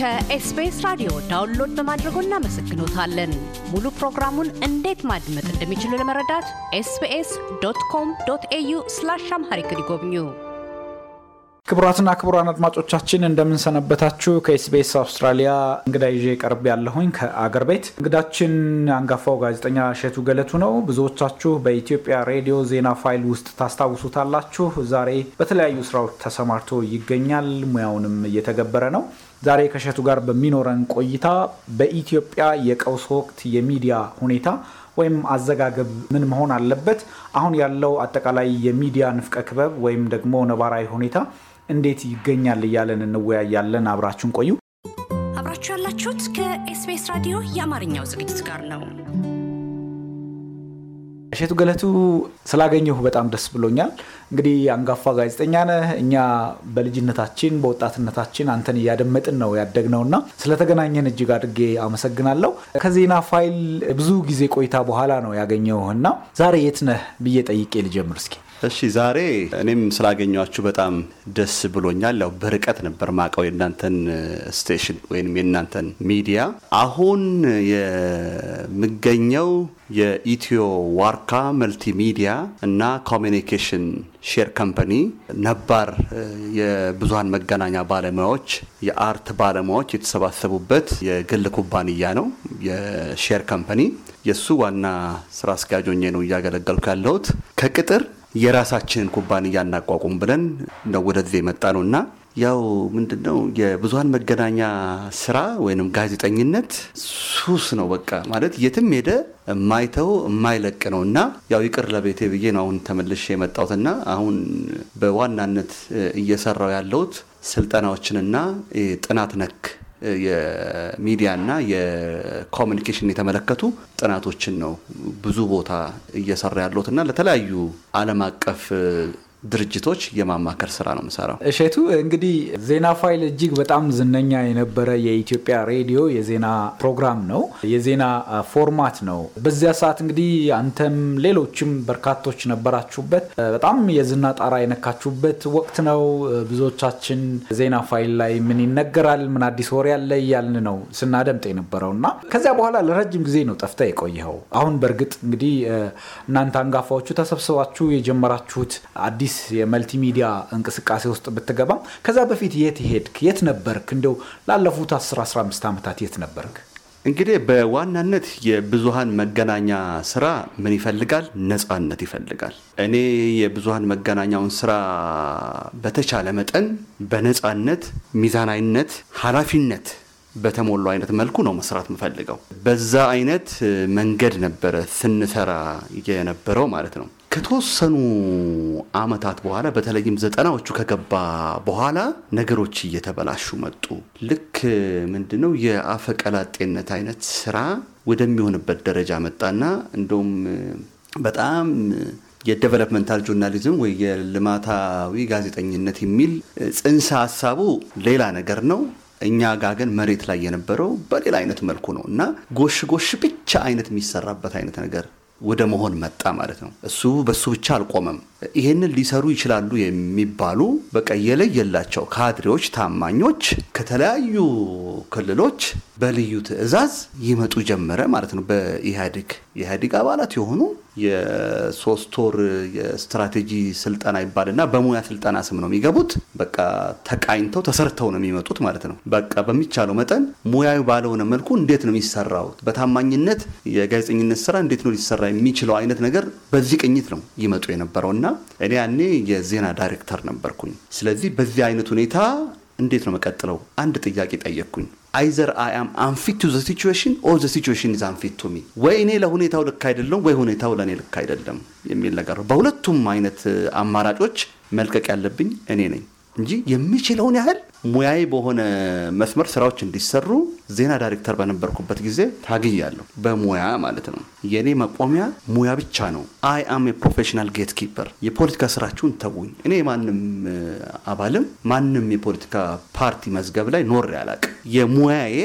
ከኤስቢኤስ ራዲዮ ዳውንሎድ በማድረጎ እናመሰግኖታለን። ሙሉ ፕሮግራሙን እንዴት ማድመጥ እንደሚችሉ ለመረዳት ኤስቢኤስ ዶት ኮም ዶት ኤዩ ስላሽ አምሃሪክ ይጎብኙ። ክቡራትና ክቡራን አድማጮቻችን እንደምንሰነበታችሁ። ከኤስቢኤስ አውስትራሊያ እንግዳ ይዤ ቀርብ ያለሁኝ ከአገር ቤት እንግዳችን አንጋፋው ጋዜጠኛ እሸቱ ገለቱ ነው። ብዙዎቻችሁ በኢትዮጵያ ሬዲዮ ዜና ፋይል ውስጥ ታስታውሱታላችሁ። ዛሬ በተለያዩ ስራዎች ተሰማርቶ ይገኛል። ሙያውንም እየተገበረ ነው። ዛሬ ከሸቱ ጋር በሚኖረን ቆይታ በኢትዮጵያ የቀውስ ወቅት የሚዲያ ሁኔታ ወይም አዘጋገብ ምን መሆን አለበት፣ አሁን ያለው አጠቃላይ የሚዲያ ንፍቀ ክበብ ወይም ደግሞ ነባራዊ ሁኔታ እንዴት ይገኛል እያለን እንወያያለን። አብራችሁን ቆዩ። አብራችሁ ያላችሁት ከኤስቢኤስ ራዲዮ የአማርኛው ዝግጅት ጋር ነው። እሸቱ ገለቱ ስላገኘሁ በጣም ደስ ብሎኛል። እንግዲህ አንጋፋ ጋዜጠኛ ነህ። እኛ በልጅነታችን በወጣትነታችን አንተን እያደመጥን ነው ያደግነው እና ስለተገናኘን እጅግ አድርጌ አመሰግናለሁ። ከዜና ፋይል ብዙ ጊዜ ቆይታ በኋላ ነው ያገኘሁህ እና ዛሬ የት ነህ ብዬ ጠይቄ ልጀምር እስኪ እሺ ዛሬ እኔም ስላገኟችሁ በጣም ደስ ብሎኛል። ያው በርቀት ነበር ማቀው የእናንተን ስቴሽን ወይም የእናንተን ሚዲያ። አሁን የምገኘው የኢትዮ ዋርካ መልቲሚዲያ እና ኮሚኒኬሽን ሼር ካምፓኒ ነባር የብዙሀን መገናኛ ባለሙያዎች፣ የአርት ባለሙያዎች የተሰባሰቡበት የግል ኩባንያ ነው የሼር ካምፓኒ። የእሱ ዋና ስራ አስኪያጅ ሆኜ ነው እያገለገልኩ ያለሁት ከቅጥር የራሳችንን ኩባንያ እናቋቁም ብለን ነው ወደዚህ የመጣ ነው እና ያው ምንድነው የብዙሀን መገናኛ ስራ ወይም ጋዜጠኝነት ሱስ ነው። በቃ ማለት የትም ሄደ የማይተው የማይለቅ ነው እና ያው ይቅር ለቤቴ ብዬ ነው አሁን ተመልሼ የመጣሁትና አሁን በዋናነት እየሰራው ያለሁት ስልጠናዎችንና ጥናት ነክ የሚዲያና የኮሚኒኬሽን የተመለከቱ ጥናቶችን ነው ብዙ ቦታ እየሰራ ያለሁት እና ለተለያዩ ዓለም አቀፍ ድርጅቶች የማማከር ስራ ነው የምሰራው። እሸቱ እንግዲህ ዜና ፋይል እጅግ በጣም ዝነኛ የነበረ የኢትዮጵያ ሬዲዮ የዜና ፕሮግራም ነው፣ የዜና ፎርማት ነው። በዚያ ሰዓት እንግዲህ አንተም ሌሎችም በርካቶች ነበራችሁበት። በጣም የዝና ጣራ የነካችሁበት ወቅት ነው። ብዙዎቻችን ዜና ፋይል ላይ ምን ይነገራል፣ ምን አዲስ ወሬ አለ እያልን ነው ስናደምጥ የነበረው እና ከዚያ በኋላ ለረጅም ጊዜ ነው ጠፍታ የቆየኸው። አሁን በእርግጥ እንግዲህ እናንተ አንጋፋዎቹ ተሰብስባችሁ የጀመራችሁት አዲስ አዲስ የመልቲሚዲያ እንቅስቃሴ ውስጥ ብትገባም ከዛ በፊት የት ሄድክ? የት ነበርክ? እንደው ላለፉት 10-15 ዓመታት የት ነበርክ? እንግዲህ በዋናነት የብዙሃን መገናኛ ስራ ምን ይፈልጋል? ነፃነት ይፈልጋል። እኔ የብዙሃን መገናኛውን ስራ በተቻለ መጠን በነፃነት፣ ሚዛናዊነት፣ ኃላፊነት በተሞሉ አይነት መልኩ ነው መስራት ምፈልገው በዛ አይነት መንገድ ነበረ ስንሰራ የነበረው ማለት ነው። ከተወሰኑ አመታት በኋላ በተለይም ዘጠናዎቹ ከገባ በኋላ ነገሮች እየተበላሹ መጡ። ልክ ምንድነው የአፈቀላጤነት አይነት ስራ ወደሚሆንበት ደረጃ መጣና እንደውም በጣም የዴቨሎፕመንታል ጆርናሊዝም ወይ የልማታዊ ጋዜጠኝነት የሚል ጽንሰ ሀሳቡ ሌላ ነገር ነው። እኛ ጋገን ግን መሬት ላይ የነበረው በሌላ አይነት መልኩ ነው እና ጎሽ ጎሽ ብቻ አይነት የሚሰራበት አይነት ነገር ወደ መሆን መጣ ማለት ነው። እሱ በሱ ብቻ አልቆመም። ይህንን ሊሰሩ ይችላሉ የሚባሉ በቃ የለየላቸው የላቸው ካድሬዎች፣ ታማኞች ከተለያዩ ክልሎች በልዩ ትዕዛዝ ይመጡ ጀመረ ማለት ነው በኢህአዴግ የኢህአዴግ አባላት የሆኑ የሶስት ወር የስትራቴጂ ስልጠና ይባልና በሙያ ስልጠና ስም ነው የሚገቡት። በቃ ተቃኝተው ተሰርተው ነው የሚመጡት ማለት ነው። በቃ በሚቻለው መጠን ሙያዊ ባለሆነ መልኩ እንዴት ነው የሚሰራው፣ በታማኝነት የጋዜጠኝነት ስራ እንዴት ነው ሊሰራ የሚችለው አይነት ነገር በዚህ ቅኝት ነው ይመጡ የነበረው እና እኔ ያኔ የዜና ዳይሬክተር ነበርኩኝ። ስለዚህ በዚህ አይነት ሁኔታ እንዴት ነው መቀጥለው አንድ ጥያቄ ጠየቅኩኝ። አይዘር አይ አም አንፊት ቱ ዘ ሲቹዌሽን ኦር ዘ ሲቹዌሽን ኢዝ አንፊት ቱ ሚ፣ ወይ እኔ ለሁኔታው ልክ አይደለም ወይ ሁኔታው ለእኔ ልክ አይደለም የሚል ነገር በሁለቱም አይነት አማራጮች መልቀቅ ያለብኝ እኔ ነኝ። እንጂ የሚችለውን ያህል ሙያዊ በሆነ መስመር ስራዎች እንዲሰሩ ዜና ዳይሬክተር በነበርኩበት ጊዜ ታግያለሁ። በሙያ ማለት ነው። የእኔ መቆሚያ ሙያ ብቻ ነው። አይ አም የፕሮፌሽናል ጌት ኪፐር። የፖለቲካ ስራችሁን ተውኝ። እኔ ማንም አባልም ማንም የፖለቲካ ፓርቲ መዝገብ ላይ ኖሬ አላቅም። የሙያዬ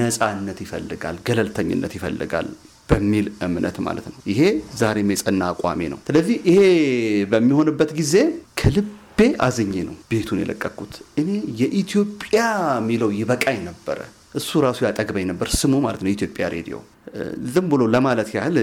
ነፃነት ይፈልጋል፣ ገለልተኝነት ይፈልጋል በሚል እምነት ማለት ነው። ይሄ ዛሬም የጸና አቋሜ ነው። ስለዚህ ይሄ በሚሆንበት ጊዜ ከልብ ልቤ አዝኜ ነው ቤቱን የለቀኩት። እኔ የኢትዮጵያ የሚለው ይበቃኝ ነበረ። እሱ ራሱ ያጠግበኝ ነበር፣ ስሙ ማለት ነው የኢትዮጵያ ሬዲዮ። ዝም ብሎ ለማለት ያህል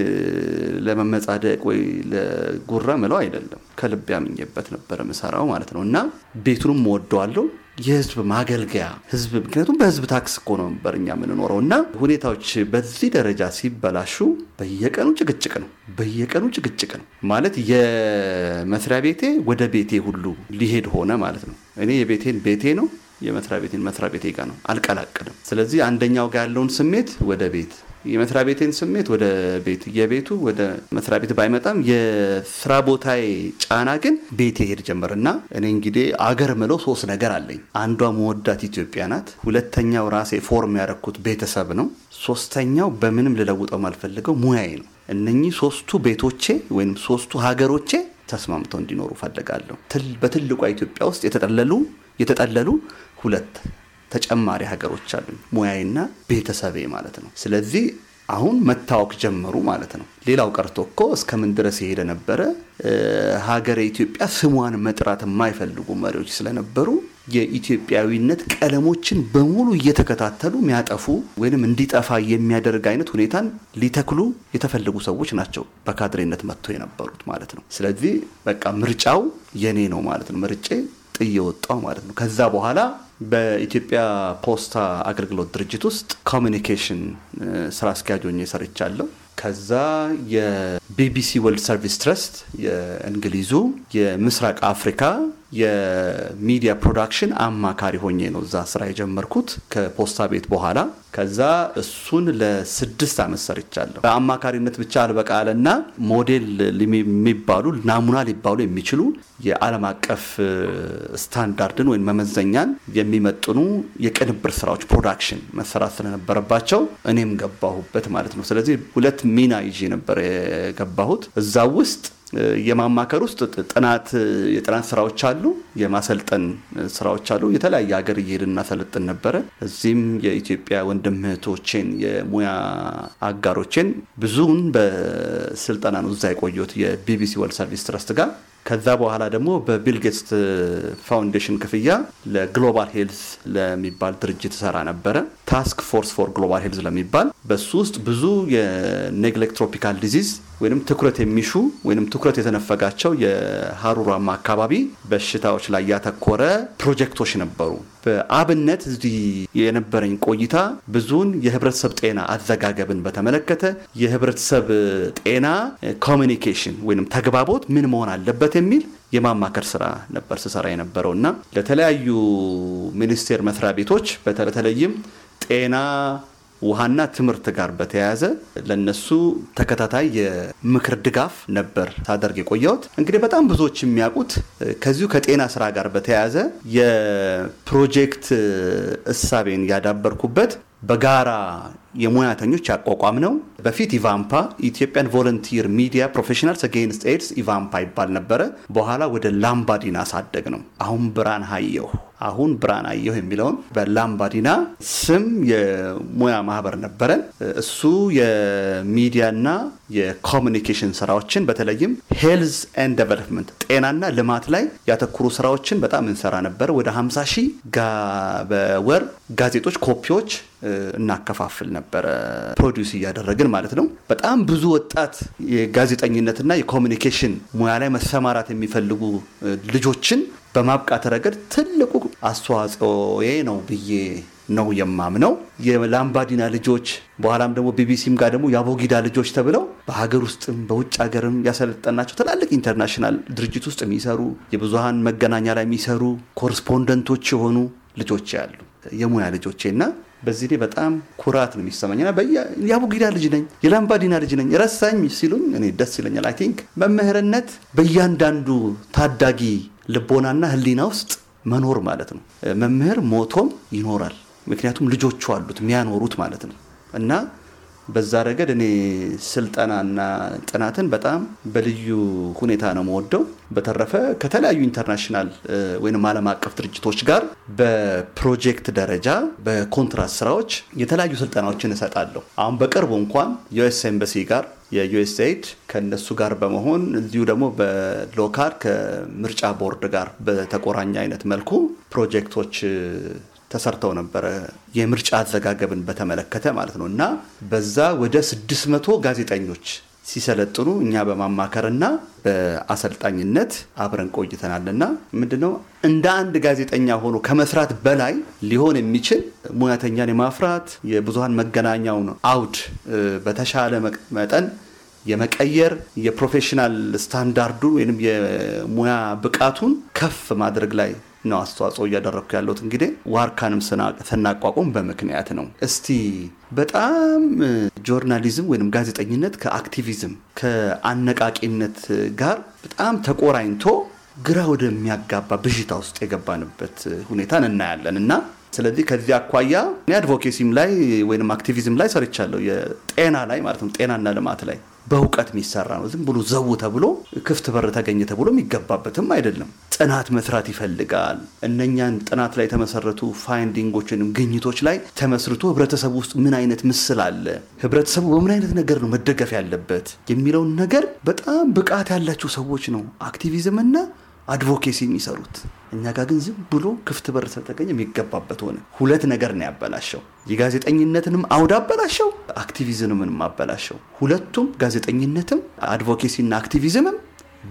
ለመመጻደቅ ወይ ለጉራ ምለው አይደለም። ከልብ ያምኜበት ነበረ ምሰራው ማለት ነው። እና ቤቱንም ወደዋለሁ የህዝብ ማገልገያ ህዝብ ምክንያቱም በህዝብ ታክስ እኮ ነው ነበር እኛ የምንኖረው እና ሁኔታዎች በዚህ ደረጃ ሲበላሹ በየቀኑ ጭቅጭቅ ነው። በየቀኑ ጭቅጭቅ ነው ማለት የመስሪያ ቤቴ ወደ ቤቴ ሁሉ ሊሄድ ሆነ ማለት ነው። እኔ የቤቴን ቤቴ ነው የመስሪያ ቤቴን መስሪያ ቤቴ ጋር ነው አልቀላቅልም። ስለዚህ አንደኛው ጋር ያለውን ስሜት ወደ ቤት የመስሪያ ቤቴን ስሜት ወደ ቤት የቤቱ ወደ መስሪያ ቤት ባይመጣም የስራ ቦታዬ ጫና ግን ቤቴ ሄድ ጀመር እኔ እንግዲህ አገር ምለው ሶስት ነገር አለኝ። አንዷ መወዳት ኢትዮጵያ ናት። ሁለተኛው ራሴ ፎርም ያደረኩት ቤተሰብ ነው። ሶስተኛው በምንም ልለውጠው ማልፈልገው ሙያዬ ነው። እነኚህ ሶስቱ ቤቶቼ ወይም ሶስቱ ሀገሮቼ ተስማምተው እንዲኖሩ ፈልጋለሁ። በትልቋ ኢትዮጵያ ውስጥ የተጠለሉ የተጠለሉ ሁለት ተጨማሪ ሀገሮች አሉኝ ሙያዬና ቤተሰቤ ማለት ነው። ስለዚህ አሁን መታወቅ ጀመሩ ማለት ነው። ሌላው ቀርቶ እኮ እስከምን ድረስ የሄደ ነበረ። ሀገረ ኢትዮጵያ ስሟን መጥራት የማይፈልጉ መሪዎች ስለነበሩ የኢትዮጵያዊነት ቀለሞችን በሙሉ እየተከታተሉ የሚያጠፉ ወይም እንዲጠፋ የሚያደርግ አይነት ሁኔታን ሊተክሉ የተፈለጉ ሰዎች ናቸው በካድሬነት መጥቶ የነበሩት ማለት ነው። ስለዚህ በቃ ምርጫው የኔ ነው ማለት ነው። ምርጬ ጥዬ ወጣው ማለት ነው። ከዛ በኋላ በኢትዮጵያ ፖስታ አገልግሎት ድርጅት ውስጥ ኮሚኒኬሽን ስራ አስኪያጅ ሆኜ ሰርቻለሁ። ከዛ የቢቢሲ ወርልድ ሰርቪስ ትረስት የእንግሊዙ የምስራቅ አፍሪካ የሚዲያ ፕሮዳክሽን አማካሪ ሆኜ ነው እዛ ስራ የጀመርኩት ከፖስታ ቤት በኋላ። ከዛ እሱን ለስድስት ዓመት ሰርቻለሁ። በአማካሪነት ብቻ አልበቃለና ሞዴል የሚባሉ ናሙና ሊባሉ የሚችሉ የዓለም አቀፍ ስታንዳርድን ወይም መመዘኛን የሚመጥኑ የቅንብር ስራዎች ፕሮዳክሽን መሰራት ስለነበረባቸው እኔም ገባሁበት ማለት ነው። ስለዚህ ሁለት ሚና ይዤ ነበር የገባሁት እዛ ውስጥ የማማከር ውስጥ ጥናት የጥናት ስራዎች አሉ፣ የማሰልጠን ስራዎች አሉ። የተለያየ ሀገር እየሄድን እናሰለጥን ነበረ። እዚህም የኢትዮጵያ ወንድም እህቶቼን የሙያ አጋሮቼን ብዙውን በስልጠና ነው እዛ የቆየሁት የቢቢሲ ወርልድ ሰርቪስ ትረስት ጋር ከዛ በኋላ ደግሞ በቢል ጌትስ ፋውንዴሽን ክፍያ ለግሎባል ሄልዝ ለሚባል ድርጅት ሰራ ነበረ። ታስክ ፎርስ ፎር ግሎባል ሄልዝ ለሚባል በሱ ውስጥ ብዙ የኔግሌክት ትሮፒካል ዲዚዝ ወይም ትኩረት የሚሹ ወይም ትኩረት የተነፈጋቸው የሀሩራማ አካባቢ በሽታዎች ላይ ያተኮረ ፕሮጀክቶች ነበሩ። በአብነት እዚህ የነበረኝ ቆይታ ብዙውን የህብረተሰብ ጤና አዘጋገብን በተመለከተ የህብረተሰብ ጤና ኮሚኒኬሽን ወይም ተግባቦት ምን መሆን አለበት የሚል የማማከር ስራ ነበር ስሰራ የነበረው እና ለተለያዩ ሚኒስቴር መስሪያ ቤቶች በተለይም ጤና ውሃና ትምህርት ጋር በተያያዘ ለነሱ ተከታታይ የምክር ድጋፍ ነበር ሳደርግ የቆየሁት። እንግዲህ በጣም ብዙዎች የሚያውቁት ከዚሁ ከጤና ስራ ጋር በተያያዘ የፕሮጀክት እሳቤን ያዳበርኩበት በጋራ የሙያተኞች አቋቋም ነው። በፊት ኢቫምፓ ኢትዮጵያን ቮለንቲር ሚዲያ ፕሮፌሽናል አጌንስት ኤድስ ኢቫምፓ ይባል ነበረ። በኋላ ወደ ላምባዲን አሳደግ ነው። አሁን ብርሃን ሃየሁ አሁን ብርሃን አየሁ የሚለውን በላምባዲና ስም የሙያ ማህበር ነበረን። እሱ የሚዲያና የኮሚኒኬሽን ስራዎችን በተለይም ሄልዝ ኤንድ ዴቨሎፕመንት ጤናና ልማት ላይ ያተኩሩ ስራዎችን በጣም እንሰራ ነበር። ወደ 50 ሺህ በወር ጋዜጦች ኮፒዎች እናከፋፍል ነበረ፣ ፕሮዲውስ እያደረግን ማለት ነው። በጣም ብዙ ወጣት የጋዜጠኝነትና የኮሚኒኬሽን ሙያ ላይ መሰማራት የሚፈልጉ ልጆችን በማብቃት ረገድ ትልቁ አስተዋጽኦዬ ነው ብዬ ነው የማምነው። የላምባዲና ልጆች በኋላም ደግሞ ቢቢሲም ጋር ደግሞ የአቦጊዳ ልጆች ተብለው በሀገር ውስጥም በውጭ ሀገርም ያሰለጠናቸው ትላልቅ ኢንተርናሽናል ድርጅት ውስጥ የሚሰሩ የብዙሀን መገናኛ ላይ የሚሰሩ ኮረስፖንደንቶች የሆኑ ልጆች ያሉ የሙያ ልጆቼ እና በዚህ ላይ በጣም ኩራት ነው የሚሰማኝ ና የአቡጊዳ ልጅ ነኝ፣ የላምባዲና ልጅ ነኝ ረሳኝ ሲሉኝ እኔ ደስ ይለኛል። አይ ቲንክ መምህርነት በእያንዳንዱ ታዳጊ ልቦናና ህሊና ውስጥ መኖር ማለት ነው። መምህር ሞቶም ይኖራል፣ ምክንያቱም ልጆቹ አሉት የሚያኖሩት ማለት ነው እና በዛ ረገድ እኔ ስልጠናና ጥናትን በጣም በልዩ ሁኔታ ነው መወደው። በተረፈ ከተለያዩ ኢንተርናሽናል ወይም ዓለም አቀፍ ድርጅቶች ጋር በፕሮጀክት ደረጃ በኮንትራት ስራዎች የተለያዩ ስልጠናዎችን እሰጣለሁ። አሁን በቅርቡ እንኳን ዩኤስ ኤምባሲ ጋር የዩኤስኤድ ከእነሱ ጋር በመሆን እዚሁ ደግሞ በሎካል ከምርጫ ቦርድ ጋር በተቆራኘ አይነት መልኩ ፕሮጀክቶች ተሰርተው ነበረ የምርጫ አዘጋገብን በተመለከተ ማለት ነው እና በዛ ወደ 600 ጋዜጠኞች ሲሰለጥኑ እኛ በማማከርና በአሰልጣኝነት አብረን ቆይተናልና ምንድነው እንደ አንድ ጋዜጠኛ ሆኖ ከመስራት በላይ ሊሆን የሚችል ሙያተኛን የማፍራት የብዙሀን መገናኛውን አውድ በተሻለ መጠን የመቀየር የፕሮፌሽናል ስታንዳርዱ ወይም የሙያ ብቃቱን ከፍ ማድረግ ላይ ነው አስተዋጽኦ እያደረግኩ ያለሁት። እንግዲህ ዋርካንም ስናቋቁም በምክንያት ነው። እስቲ በጣም ጆርናሊዝም ወይም ጋዜጠኝነት ከአክቲቪዝም ከአነቃቂነት ጋር በጣም ተቆራኝቶ ግራ ወደሚያጋባ ብዥታ ውስጥ የገባንበት ሁኔታን እናያለን እና ስለዚህ ከዚህ አኳያ እኔ አድቮኬሲም ላይ ወይም አክቲቪዝም ላይ ሰርቻለሁ። የጤና ላይ ማለት ነው። ጤናና ልማት ላይ በእውቀት የሚሰራ ነው። ዝም ብሎ ዘው ተብሎ ክፍት በር ተገኘ ተብሎ የሚገባበትም አይደለም። ጥናት መስራት ይፈልጋል። እነኛን ጥናት ላይ የተመሰረቱ ፋይንዲንጎች ወይም ግኝቶች ላይ ተመስርቶ ህብረተሰቡ ውስጥ ምን አይነት ምስል አለ፣ ህብረተሰቡ በምን አይነት ነገር ነው መደገፍ ያለበት የሚለውን ነገር በጣም ብቃት ያላቸው ሰዎች ነው አክቲቪዝምና አድቮኬሲ የሚሰሩት። እኛ ጋር ግን ዝም ብሎ ክፍት በር ስለተገኘ የሚገባበት ሆነ። ሁለት ነገር ነው ያበላሸው። የጋዜጠኝነትንም አውድ አበላሸው፣ አክቲቪዝምንም አበላሸው። ሁለቱም ጋዜጠኝነትም አድቮኬሲና አክቲቪዝምም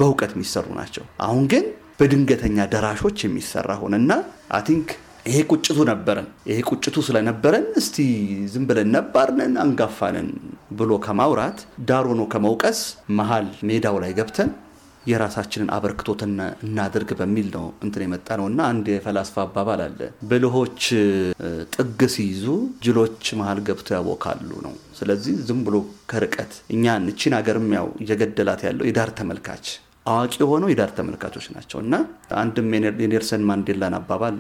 በእውቀት የሚሰሩ ናቸው። አሁን ግን በድንገተኛ ደራሾች የሚሰራ ሆነና አይ ቲንክ ይሄ ቁጭቱ ነበረን። ይሄ ቁጭቱ ስለነበረን እስቲ ዝም ብለን ነባርነን አንጋፋንን ብሎ ከማውራት ዳር ሆኖ ከመውቀስ መሀል ሜዳው ላይ ገብተን የራሳችንን አበርክቶት እናድርግ በሚል ነው እንትን የመጣ ነው እና አንድ የፈላስፋ አባባል አለ ብልሆች ጥግ ሲይዙ ጅሎች መሀል ገብቶ ያቦካሉ ነው። ስለዚህ ዝም ብሎ ከርቀት እኛ እቺን ሀገርም ያው እየገደላት ያለው የዳር ተመልካች አዋቂ የሆኑ የዳር ተመልካቾች ናቸው እና አንድም የኔልሰን ማንዴላን አባባል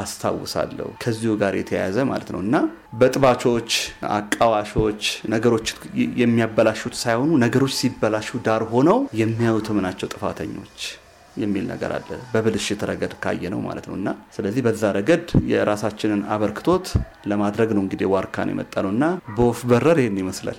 አስታውሳለሁ ከዚሁ ጋር የተያያዘ ማለት ነው እና በጥባቾች አቃዋሾች ነገሮች የሚያበላሹት ሳይሆኑ ነገሮች ሲበላሹ ዳር ሆነው የሚያዩትም ናቸው ጥፋተኞች የሚል ነገር አለ በብልሽት ረገድ ካየ ነው ማለት ነው እና ስለዚህ በዛ ረገድ የራሳችንን አበርክቶት ለማድረግ ነው እንግዲህ ዋርካን የመጣ ነው እና በወፍ በረር ይህን ይመስላል